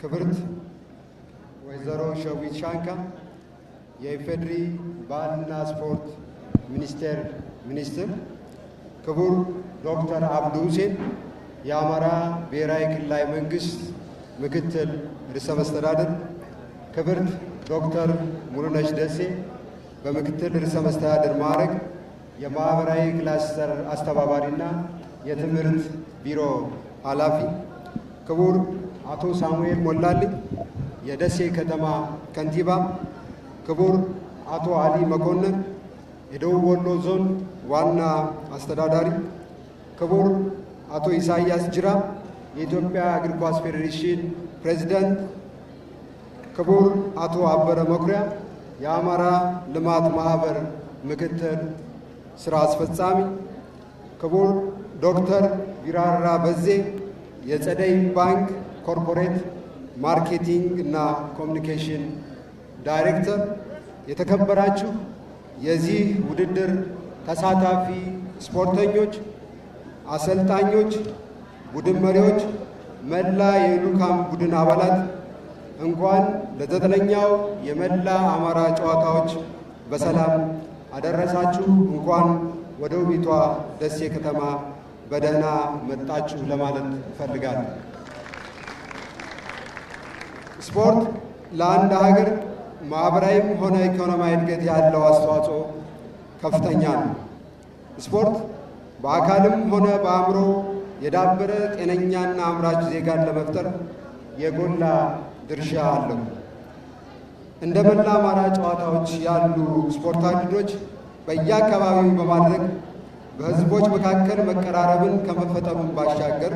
ክብርት ወይዘሮ ሸዊት ሻንካ የኢፌድሪ ባህልና ስፖርት ሚኒስቴር ሚኒስትር፣ ክቡር ዶክተር አብዱ ሁሴን የአማራ ብሔራዊ ክልላዊ መንግስት ምክትል ርዕሰ መስተዳድር፣ ክብርት ዶክተር ሙሉነሽ ደሴ በምክትል ርዕሰ መስተዳድር ማዕረግ የማህበራዊ ክላስተር አስተባባሪና የትምህርት ቢሮ ኃላፊ፣ ክቡር አቶ ሳሙኤል ሞላልኝ የደሴ ከተማ ከንቲባ፣ ክቡር አቶ አሊ መኮንን የደቡብ ወሎ ዞን ዋና አስተዳዳሪ፣ ክቡር አቶ ኢሳያስ ጅራ የኢትዮጵያ እግር ኳስ ፌዴሬሽን ፕሬዚደንት፣ ክቡር አቶ አበረ መኩሪያ የአማራ ልማት ማህበር ምክትል ስራ አስፈጻሚ፣ ክቡር ዶክተር ቢራራ በዜ የፀደይ ባንክ ኮርፖሬት ማርኬቲንግ እና ኮሚኒኬሽን ዳይሬክተር፣ የተከበራችሁ የዚህ ውድድር ተሳታፊ ስፖርተኞች፣ አሰልጣኞች፣ ቡድን መሪዎች፣ መላ የሉካም ቡድን አባላት እንኳን ለዘጠነኛው የመላ አማራ ጨዋታዎች በሰላም አደረሳችሁ። እንኳን ወደ ውቢቷ ደሴ ከተማ በደህና መጣችሁ ለማለት እፈልጋለሁ። ስፖርት ለአንድ ሀገር ማኅበራዊም ሆነ ኢኮኖሚያዊ እድገት ያለው አስተዋጽኦ ከፍተኛ ነው። ስፖርት በአካልም ሆነ በአእምሮ የዳበረ ጤነኛና አምራች ዜጋን ለመፍጠር የጎላ ድርሻ አለው። እንደ መላ አማራ ጨዋታዎች ያሉ ስፖርታዊ ውድድሮች በየአካባቢው በማድረግ በህዝቦች መካከል መቀራረብን ከመፈጠሩን ባሻገር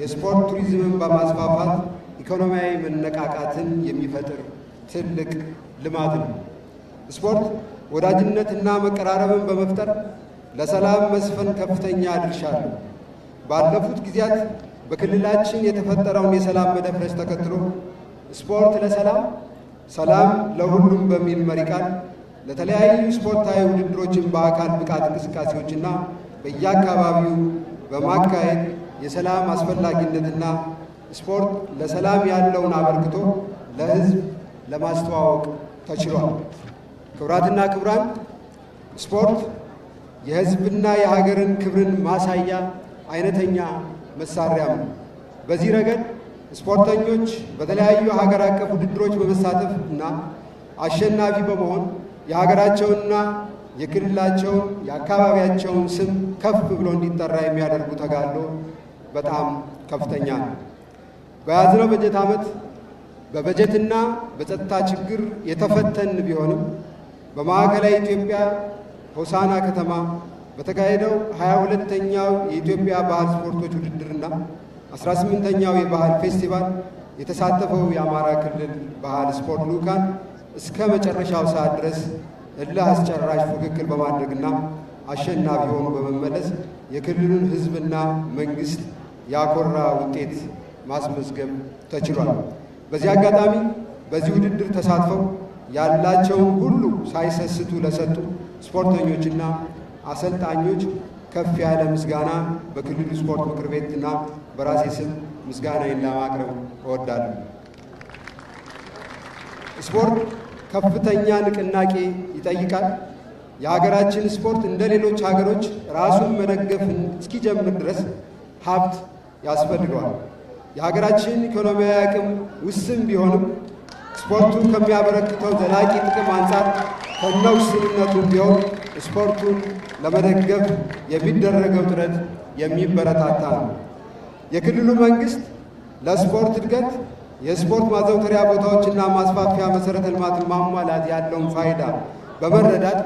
የስፖርት ቱሪዝምን በማስፋፋት ኢኮኖሚያዊ መነቃቃትን የሚፈጥር ትልቅ ልማት ነው። ስፖርት ወዳጅነትና መቀራረብን በመፍጠር ለሰላም መስፈን ከፍተኛ ድርሻ አለው። ባለፉት ጊዜያት በክልላችን የተፈጠረውን የሰላም መደፍረስ ተከትሎ ስፖርት ለሰላም ሰላም ለሁሉም በሚል መሪ ቃል ለተለያዩ ስፖርታዊ ውድድሮችን በአካል ብቃት እንቅስቃሴዎችና በየአካባቢው በማካሄድ የሰላም አስፈላጊነትና ስፖርት ለሰላም ያለውን አበርክቶ ለሕዝብ ለማስተዋወቅ ተችሏል። ክቡራትና ክቡራን፣ ስፖርት የሕዝብና የሀገርን ክብርን ማሳያ አይነተኛ መሳሪያም ነው። በዚህ ረገድ ስፖርተኞች በተለያዩ ሀገር አቀፍ ውድድሮች በመሳተፍ እና አሸናፊ በመሆን የሀገራቸውንና የክልላቸውን የአካባቢያቸውን ስም ከፍ ብሎ እንዲጠራ የሚያደርጉ ተጋድሎ በጣም ከፍተኛ ነው። በያዝነው በጀት ዓመት በበጀትና በጸጥታ ችግር የተፈተን ቢሆንም በማዕከላዊ ኢትዮጵያ ሆሳና ከተማ በተካሄደው 22ተኛው የኢትዮጵያ ባህል ስፖርቶች ውድድርና 18ኛው የባህል ፌስቲቫል የተሳተፈው የአማራ ክልል ባህል ስፖርት ልዑካን እስከ መጨረሻው ሰዓት ድረስ እልህ አስጨራሽ ፉክክር በማድረግና አሸናፊ ሆኖ በመመለስ የክልሉን ሕዝብና መንግስት ያኮራ ውጤት ማስመዝገብ ተችሏል። በዚህ አጋጣሚ በዚህ ውድድር ተሳትፈው ያላቸውን ሁሉ ሳይሰስቱ ለሰጡ ስፖርተኞችና አሰልጣኞች ከፍ ያለ ምስጋና በክልሉ ስፖርት ምክር ቤትና በራሴ ስም ምስጋና ለማቅረብ እወዳለሁ። ስፖርት ከፍተኛ ንቅናቄ ይጠይቃል። የሀገራችን ስፖርት እንደ ሌሎች ሀገሮች ራሱን መደገፍ እስኪጀምር ድረስ ሀብት ያስፈልገዋል። የሀገራችን ኢኮኖሚያዊ አቅም ውስን ቢሆንም ስፖርቱ ከሚያበረክተው ዘላቂ ጥቅም አንጻር ከነ ውስንነቱ ቢሆን ስፖርቱን ለመደገፍ የሚደረገው ጥረት የሚበረታታ ነው። የክልሉ መንግስት ለስፖርት እድገት የስፖርት ማዘውተሪያ ቦታዎችና ማስፋፊያ መሰረተ ልማት ማሟላት ያለውን ፋይዳ በመረዳት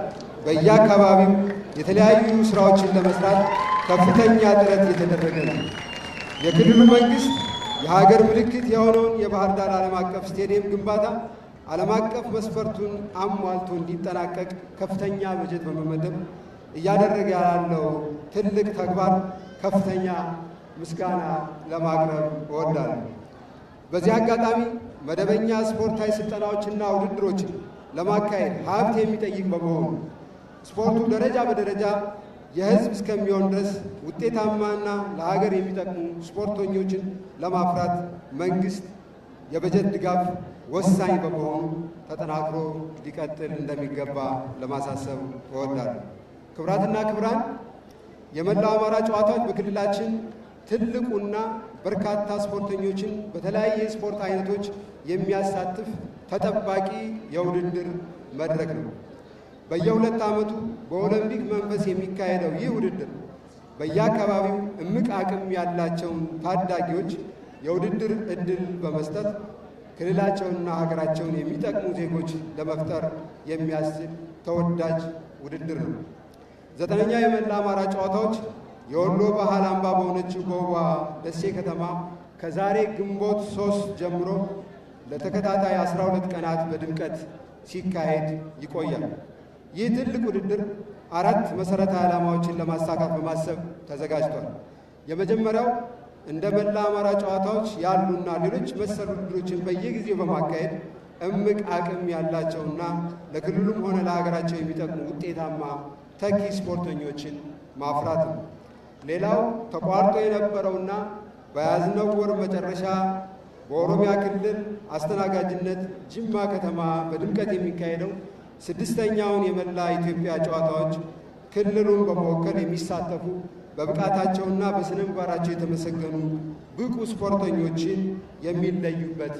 በየአካባቢው የተለያዩ ስራዎችን ለመስራት ከፍተኛ ጥረት እየተደረገ ነው። የክልሉ መንግስት የሀገር ምልክት የሆነውን የባህር ዳር ዓለም አቀፍ ስቴዲየም ግንባታ ዓለም አቀፍ መስፈርቱን አሟልቶ እንዲጠናቀቅ ከፍተኛ በጀት በመመደብ እያደረገ ያለው ትልቅ ተግባር ከፍተኛ ምስጋና ለማቅረብ እወዳለሁ። በዚህ አጋጣሚ መደበኛ ስፖርታዊ ስልጠናዎችና ውድድሮችን ለማካሄድ ሀብት የሚጠይቅ በመሆኑ ስፖርቱ ደረጃ በደረጃ የሕዝብ እስከሚሆን ድረስ ውጤታማና ለሀገር የሚጠቅሙ ስፖርተኞችን ለማፍራት መንግስት የበጀት ድጋፍ ወሳኝ በመሆኑ ተጠናክሮ ሊቀጥል እንደሚገባ ለማሳሰብ እወዳለሁ። ክብራትና ክብራን የመላው አማራ ጨዋታዎች በክልላችን ትልቁና በርካታ ስፖርተኞችን በተለያየ የስፖርት አይነቶች የሚያሳትፍ ተጠባቂ የውድድር መድረክ ነው። በየሁለት ዓመቱ በኦሎምፒክ መንፈስ የሚካሄደው ይህ ውድድር በየአካባቢው እምቅ አቅም ያላቸውን ታዳጊዎች የውድድር ዕድል በመስጠት ክልላቸውንና ሀገራቸውን የሚጠቅሙ ዜጎች ለመፍጠር የሚያስችል ተወዳጅ ውድድር ነው። ዘጠነኛ የመላ አማራ ጨዋታዎች የወሎ ባህል አምባ በሆነችው በውቧ ደሴ ከተማ ከዛሬ ግንቦት ሶስት ጀምሮ ለተከታታይ 12 ቀናት በድምቀት ሲካሄድ ይቆያል። ይህ ትልቅ ውድድር አራት መሠረታዊ ዓላማዎችን ለማሳካት በማሰብ ተዘጋጅቷል። የመጀመሪያው እንደ መላ አማራ ጨዋታዎች ያሉና ሌሎች መሰል ውድድሮችን በየጊዜው በማካሄድ እምቅ አቅም ያላቸውና ለክልሉም ሆነ ለሀገራቸው የሚጠቅሙ ውጤታማ ተኪ ስፖርተኞችን ማፍራት ነው። ሌላው ተቋርጦ የነበረውና በያዝነው ወር መጨረሻ በኦሮሚያ ክልል አስተናጋጅነት ጅማ ከተማ በድምቀት የሚካሄደው ስድስተኛውን የመላ ኢትዮጵያ ጨዋታዎች ክልሉን በመወከል የሚሳተፉ በብቃታቸውና በስነ ምግባራቸው የተመሰገኑ ብቁ ስፖርተኞችን የሚለዩበት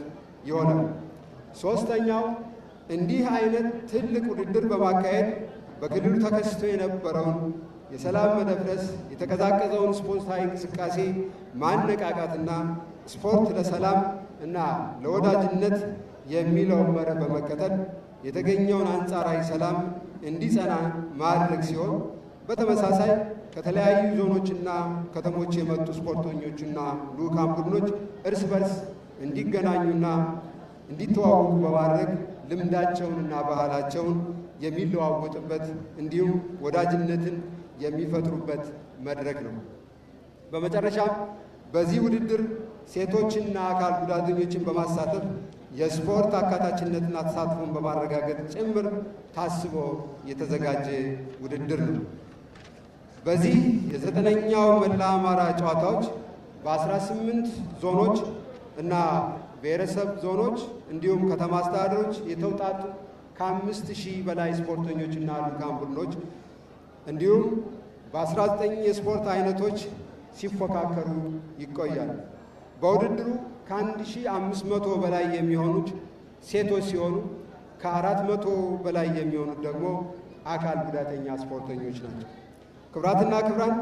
ይሆናል። ሶስተኛው እንዲህ አይነት ትልቅ ውድድር በማካሄድ በክልሉ ተከስቶ የነበረውን የሰላም መደፍረስ የተቀዛቀዘውን ስፖርታዊ እንቅስቃሴ ማነቃቃትና ስፖርት ለሰላም እና ለወዳጅነት የሚለውን መርህ በመከተል የተገኘውን አንጻራዊ ሰላም እንዲጸና ማድረግ ሲሆን በተመሳሳይ ከተለያዩ ዞኖችና ከተሞች የመጡ ስፖርተኞችና ልዑካን ቡድኖች እርስ በርስ እንዲገናኙና እንዲተዋወቁ በማድረግ ልምዳቸውንና ባህላቸውን የሚለዋወጡበት እንዲሁም ወዳጅነትን የሚፈጥሩበት መድረክ ነው። በመጨረሻም በዚህ ውድድር ሴቶችና አካል ጉዳተኞችን በማሳተፍ የስፖርት አካታችነትና ተሳትፎን በማረጋገጥ ጭምር ታስቦ የተዘጋጀ ውድድር ነው። በዚህ የዘጠነኛው መላ አማራ ጨዋታዎች በ18 ዞኖች እና ብሔረሰብ ዞኖች እንዲሁም ከተማ አስተዳደሮች የተውጣጡ ከአምስት ሺህ በላይ ስፖርተኞችና ልዑካን ቡድኖች እንዲሁም በ19 የስፖርት አይነቶች ሲፎካከሩ ይቆያል። በውድድሩ ከ1500 በላይ የሚሆኑት ሴቶች ሲሆኑ ከ400 በላይ የሚሆኑት ደግሞ አካል ጉዳተኛ ስፖርተኞች ናቸው። ክብራትና ክብራን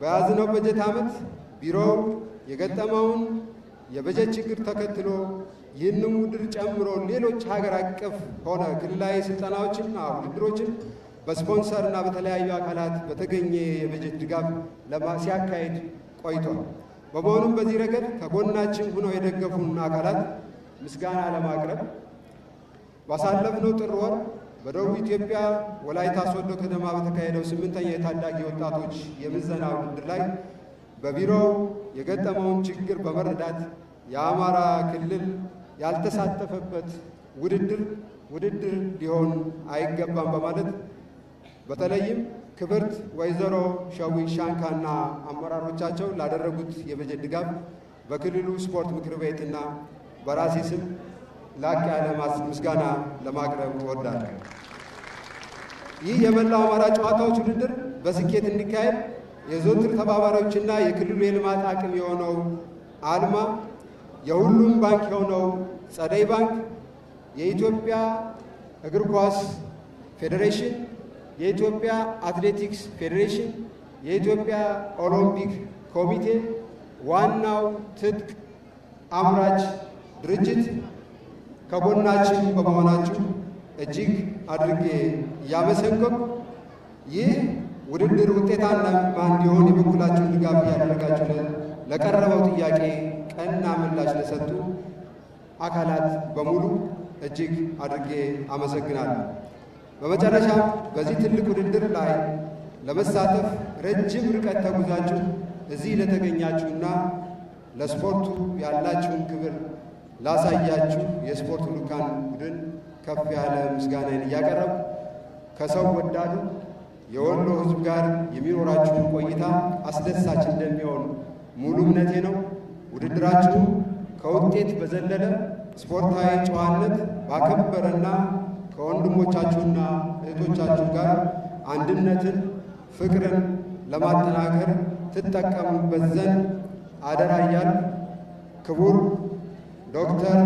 በያዝነው በጀት ዓመት ቢሮው የገጠመውን የበጀት ችግር ተከትሎ ይህንም ውድድር ጨምሮ ሌሎች ሀገር አቀፍ ሆነ ክልላዊ ስልጠናዎችና ውድድሮችን በስፖንሰር እና በተለያዩ አካላት በተገኘ የበጀት ድጋፍ ሲያካሄድ ቆይቷል። በመሆኑም በዚህ ረገድ ከጎናችን ሆነው የደገፉን አካላት ምስጋና ለማቅረብ ባሳለፍነው ጥር ወር በደቡብ ኢትዮጵያ ወላይታ ሶዶ ከተማ በተካሄደው ስምንተኛ የታዳጊ ወጣቶች የምዘና ውድድር ላይ በቢሮው የገጠመውን ችግር በመረዳት የአማራ ክልል ያልተሳተፈበት ውድድር ውድድር ሊሆን አይገባም በማለት በተለይም ክብርት ወይዘሮ ሻንካ ሻንካና አመራሮቻቸው ላደረጉት የበጀት ድጋፍ በክልሉ ስፖርት ምክር ቤትና በራሴ ስም ላቅ ያለ ምስጋና ለማቅረብ እወዳለሁ። ይህ የመላው አማራ ጨዋታዎች ውድድር በስኬት እንዲካሄድ የዘወትር ተባባሪዎችና የክልሉ የልማት አቅም የሆነው አልማ፣ የሁሉም ባንክ የሆነው ጸደይ ባንክ፣ የኢትዮጵያ እግር ኳስ ፌዴሬሽን የኢትዮጵያ አትሌቲክስ ፌዴሬሽን፣ የኢትዮጵያ ኦሎምፒክ ኮሚቴ ዋናው ትጥቅ አምራች ድርጅት ከጎናችን በመሆናችሁ እጅግ አድርጌ እያመሰገንኩ ይህ ውድድር ውጤታማ እንዲሆን የበኩላችሁን ድጋፍ እያደረጋችሁ ለቀረበው ጥያቄ ቀና ምላሽ ለሰጡ አካላት በሙሉ እጅግ አድርጌ አመሰግናለሁ። በመጨረሻም በዚህ ትልቅ ውድድር ላይ ለመሳተፍ ረጅም ርቀት ተጉዛችሁ እዚህ ለተገኛችሁና ለስፖርቱ ያላችሁን ክብር ላሳያችሁ የስፖርት ልኡካን ቡድን ከፍ ያለ ምስጋናን እያቀረቡ ከሰው ወዳዱ የወሎ ሕዝብ ጋር የሚኖራችሁን ቆይታ አስደሳች እንደሚሆን ሙሉ እምነቴ ነው። ውድድራችሁ ከውጤት በዘለለ ስፖርታዊ ጨዋነት ባከበረና ከወንድሞቻችሁና እህቶቻችሁ ጋር አንድነትን፣ ፍቅርን ለማጠናከር ትጠቀሙበት ዘንድ አደራ እያል ክቡር ዶክተር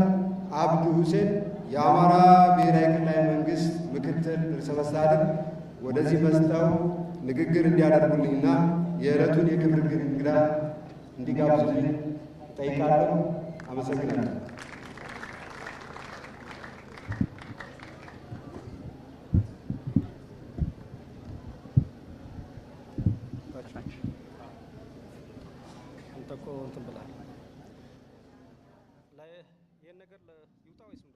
አብዱ ሁሴን የአማራ ብሔራዊ ክልላዊ መንግስት ምክትል ርዕሰ መስተዳድር ወደዚህ መስጠው ንግግር እንዲያደርጉልኝና የዕለቱን የክብር እንግዳ እንዲጋብዙልኝ እጠይቃለሁ። አመሰግናለሁ። ይቀጥላል። ይህን ነገር ይውጣ ወይስ